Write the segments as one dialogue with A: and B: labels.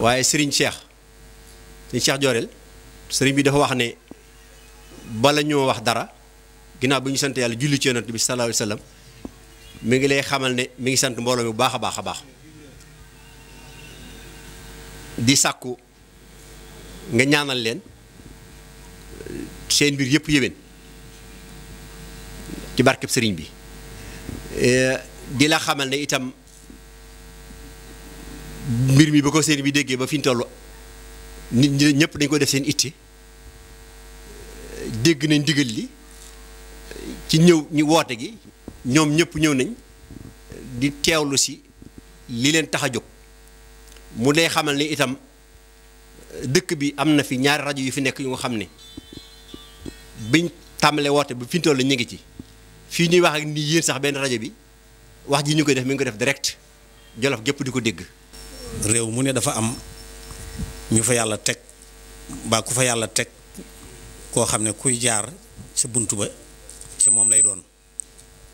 A: waaye sëriñ Cheikh sëriñ Cheikh Jorel sëriñ bi dafa wax ne bala ñoo wax dara ginnaaw bi ñu sant yàlla julli ci yonent bi sallallahu alayhi wa mi ngi lay xamal ne mi ngi sant mbooloo mi bu baax a baax a baax di sàkku nga ñaanal leen seen mbir yépp yéwén ci barkeb sëriñ bi eh, di la xamal ne itam mbir mi ba ko sëriñ bi déggee ba fi ñu toll nit ñi ñëpp dañ ko def seen itti dégg nañ ndigal li ci ñëw ñu woote gi ñoom ñëpp ñëw nañ di teewlu si li leen tax a jóg mu day xamal ni itam dëkk bi am na fi ñaari rajo yu fi nekk yu nga xam ne biñ tàmbalee woote ba fi ñu toll ñu ngi ci fii ñuy wax ak ni yéen sax benn rajo bi wax ji ñu koy def mi ngi ko def direct Jolof gépp di ko dégg réew mu ne dafa am ñu fa yàlla teg ba ku fa yàlla teg koo xam ne kuy jaar ci bunt ba ci moom lay doon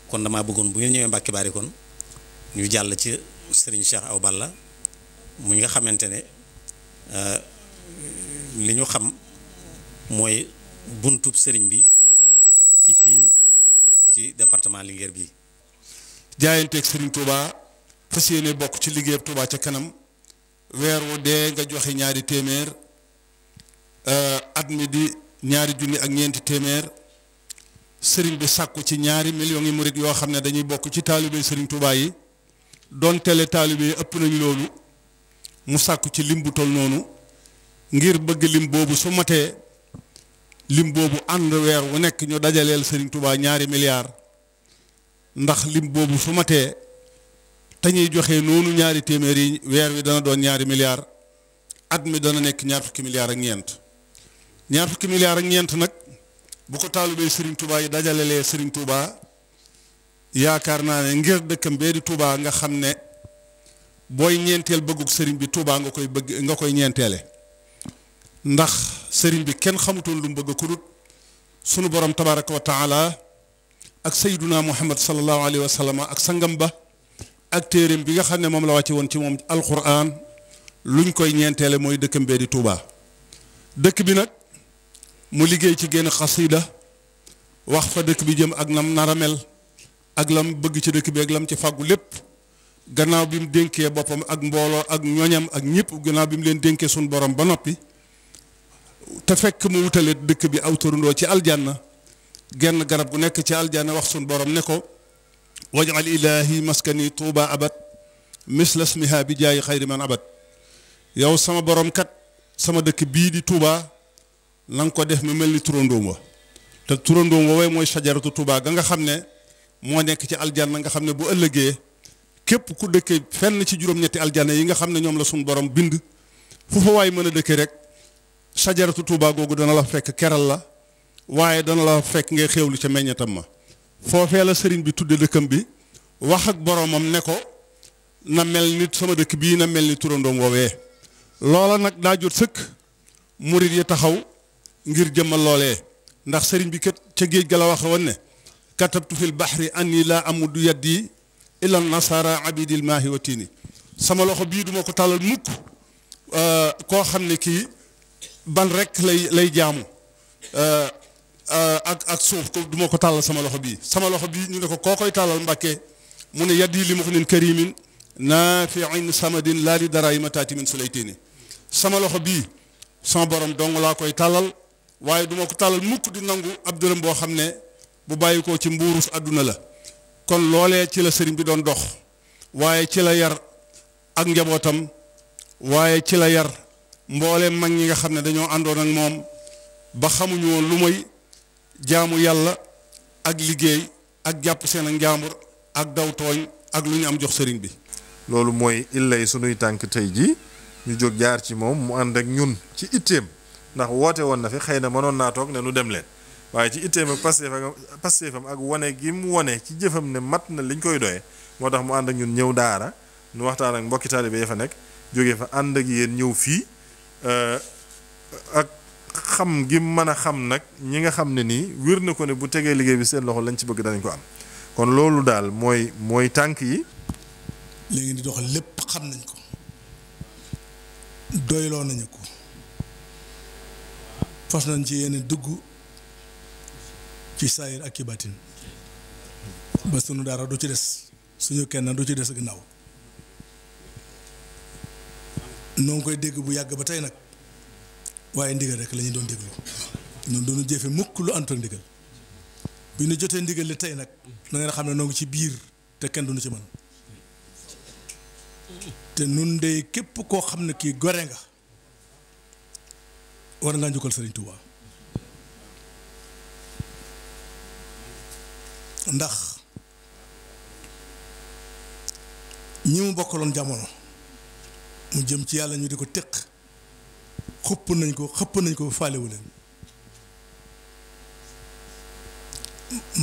A: kon damaa bëggoon bu ngeen ñëwee mbàkki Bari kon ñu jàll ci sëriñ Serigne aw bal la mu nga xamante ne euh, li ñu xam mooy buntub sëriñ bi ci fii ci département Linguère bi
B: jaayanteeg Serigne Touba fas yéene bokk ci liggéeyab Touba ca kanam weer wu dee nga joxe ñaari téeméer euh, at mi di ñaari junni ak ñeenti téeméer sëriñ bi sàkku ci ñaari million yi murit yoo xam ne dañuy bokk ci taalibe sëriñ Tuubaa yi doon tele taalibe ëpp nañ loolu mu sàkku ci lim bu tol noonu ngir bëgg lim boobu su matee lim boobu ànd weer wu nekk ñu dajaleel sëriñ Tuubaa ñaari milliards ndax lim boobu su matee dañuy joxe noonu ñaari téeméer yi weer wi dana doon ñaari milliards at mi dana nekk ñaar fukki milliards ak ñeent ñaar fukki milliards ñeent nag bu ko taalubee Serigne Touba yi dajalelee sëriñ Touba yaakaar naa ne ngir dëkkam bee di Touba nga xam ne booy ñeenteel bëggug sëriñ bi tuubaa nga koy bëgg nga koy ñeenteele ndax Serigne bi kenn xamutoon lu mu bëgg ku dut sunu borom tabaaraka wa taala ak sayyiduna Muhammad sallallahu alayhi wa sallam ak sangam ba. ak téereem bi nga xam ne moom la wàcce woon ci moom alxuraan luñ koy ñeenteele mooy dëkkam bee di Touba dëkk bi nag mu liggéey ci genn xasida wax fa dëkk bi jëm ak nam naramel ak lam bëgg ci dëkk bi ak lam ci fàggu lépp gannaaw bi mu dénkee boppam ak mbooloo ak ñoñam ak ñëpp gannaaw bi mu leen dénkee suñu borom ba noppi te fekk mu wutale dëkk bi aw turandoo ci aljanna genn garab gu nekk ci aljanna wax suñu borom ne ko wajal ilaahi maskani tuuba abad misla smiha bi jaayi xayri man abad yow sama borom kat sama dëkk bii di tuuba na nga ko def mu mel ni turandoom wa te turandoom wa way mooy sajaratu tuuba ga nga xam ne moo nekk ci aljanna nga xam ne bu ëllëgee képp ku dëkkee fenn ci juróom-ñetti aljanna yi nga xam ne ñoom la suñu borom bind fu fa waay mën a dëkkee rek sajaratu tuuba googu dana la fekk keral la waaye dana la fekk ngay xéewlu ca meññetam ma foofee la sëriñ bi tudd dëkkam bi wax ak boroomam ne ko na mel nit sama dëkk bii na mel ni turandoom woowee loola nag daa jot sëkk murit yi taxaw ngir jëmmal loolee ndax sëriñ bi kat ca géej ga la waxe woon ne katabtu fil bahri anni laa amudu yaddi ila nasara abidil maahi sama loxo bii duma ko tàllal mukk euh, koo xam ne kii ban rek lay lay jaamu euh, Euh, ak ak suuf du ma ko tàllal sama loxo bii sama loxo bii ñu ne ko koo koy tàllal mbàkke mu ne yaddi li muxnin karimin naafiin samadin laa li dara yi ma taati min sulaytini sama loxo bii sama borom dong laa koy tàllal waaye duma ko tàllal mukk di nangu ab dërëm boo xam ne bu bàyyi ko ci mbuurus àdduna la kon loolee ci la sëriñ bi doon dox waaye ci la yar ak njabootam waaye ci la yar mbooleem mag ñi nga xam ne dañoo àndoon ak moom ba xamuñu woon lu mooy jaamu yàlla ak liggéey ak jàpp seen ak njaambur ak daw tooñ ak lu ñu am jox sëriñ bi loolu mooy illa illay sunuy tànk tey ji ñu jóg jaar ci moom mu ànd ak ñun ci itteem ndax woote woon na fi xëy na manoon naa toog ne nu dem leen waaye ci itteem ak pasteefam pasteefam ak wone gi mu wane ci jëfam ne mat na liñ koy doyee moo tax mu ànd ak ñun ñëw daara nu waxtaan ak mbokki taalibe ya fa nekk jóge fa ànd ak yéen ñëw fii xam gi mën a xam nag ñi nga xam ne nii wér na ko ne bu tegee liggéey bi seen loxo lañ ci bëgg danañ ko am kon loolu daal mooy mooy tànk yi
C: li di doxal lépp xam nañ ko doyloo nañu ko fas nañ ci yéene dugg ci saayir ak ci baatin ba sunu dara du ci des suñu kenn du ci des ginnaaw noo ngi koy dégg bu yàgg ba tey nag waaye ndigal rek lañuy doon déglu ñun doonu jëfe mukk lu ànd ndigal bi ñu jotee ndigal li tey nag na ngeen xam ne noo ci biir te kenn duñu ci mën te nun de képp koo xam ne kii gore nga war ngaa njukkal Sëriñ Tuubaa ndax ñi mu bokkaloon jamono mu jëm ci yàlla ñu di ko téq xupp nañ ko xëpp nañ ko faalewu leen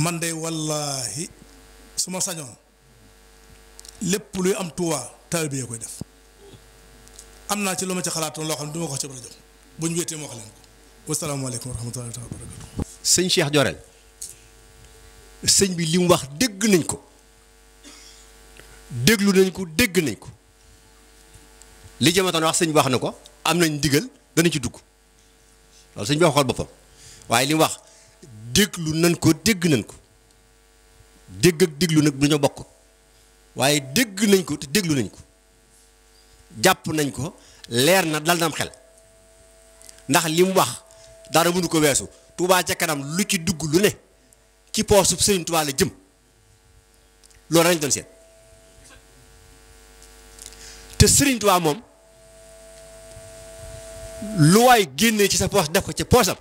C: man de wallaahi su ma sañoon lépp luy am tuwaa taalibe yee koy def am naa ci lu ma ci xalaatoon loo xam ne du ma ko ci rajo bu ñu wéetee ma wax leen ko
A: sëñ Cheikh Jorel sëñ bi li wax dégg nañ ko déglu nañ ko dégg nañ ko li jamatoon wax sëñ bi wax na ko am nañ ndigal dana ci dugg loolu sëñ bi waxal boppam waaye lim wax déglu nañ ko dégg nañ ko dégg ak déglu nag du ñu bokk waaye dégg nañ ko te déglu nañ ko jàpp nañ ko leer na dal am xel ndax li wax dara mënu ko weesu Touba ca kanam lu ci dugg lu ne ci poosu Sëriñ Touba la jëm loolu lañ doon seet te Sëriñ Touba moom. lu waay génnee ci sa poos def ko ci poosam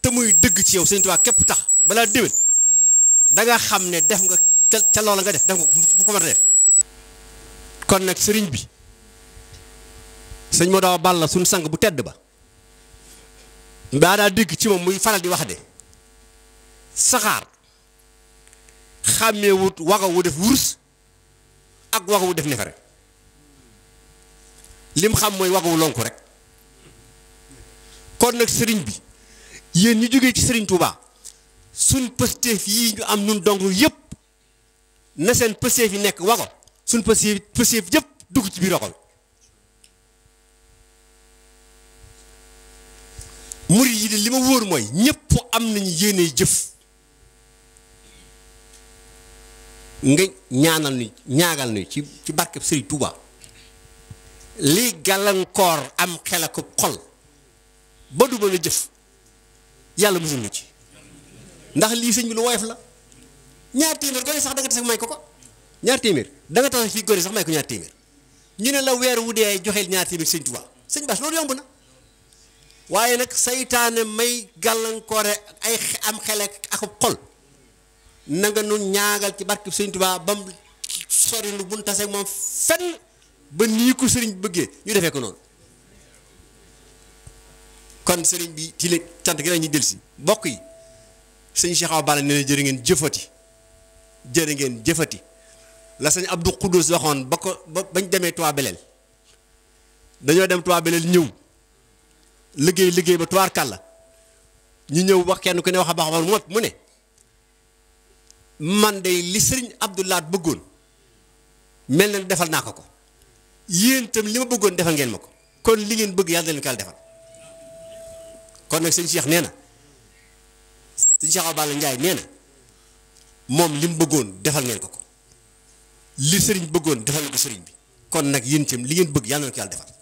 A: te muy dëgg ci yow Sëñ Tuubaa képp tax balaa déwén da xam ne def nga ca loola nga def def ko mën kon nag sëriñ bi sëñ moo dawa bàll suñ sang bu tedd ba daa daa dégg ci moom muy faral di wax de saxaar xàmmee wut waga wu def wurs ak waga wu def nefere lim xam mooy waggu lonku rek kon nag sëriñ bi yéen ñu jógee ci sëriñ Touba suñ pësteef yii am nun dong yëpp na seen pësteef yi nekk wago suñ pësteef pësteef yëpp dugg ci biir roxol murid yi de li ma wóor mooy ñëpp am nañu yéeney jëf nga ñaanal nu ñaagal ni ci ci barkeb sëriñ Touba lii gàllankoor am xel ak xol ba du mën a jëf yàlla musul ñu ci ndax lii sëñ bi lu woyof la ñaar téeméer gone sax da nga may ko ko ñaar téeméer da nga tase fii gone ñu ne la weer wu dee joxeel ñaar téeméer sëñ Tuubaa sëñ Bass loolu yomb na waaye nag seytaane may gàllankoore ay am xel ak xol na nu ñaagal ci barke sëñ Tuubaa ba mu sori lu bu nu taseeg moom fenn ba nii ko sëriñ bëggee ñu defee ko noonu kon sëriñ bi ci la cant gi la ñuy bokk yi sëñ Cheikh Awa Balla nee na ngeen jëfati jërë ngeen jëfati la sëñ Abdou Khoudous waxoon ba ko ba bañ demee Touba Belel dañoo dem Touba Belel ñëw liggéey liggéey ba tuwaar la ñu ñëw wax kenn ku ne wax a baax mu mu ne man de li sëriñ Abdoulaat bëggoon mel na defal naa ko ko. yéen tam li ma bëggoon defal ngeen ma ko kon li ngeen bëgg yàlla na leen ko defal kon nag sëñ Cheikh nee na sëñ Cheikh Awa Balla moom li mu bëggoon defal ngeen ko ko li sëriñ bëggoon defal na ko sëriñ bi kon nag yéen itam li ngeen bëgg yàlla na ko yàlla defal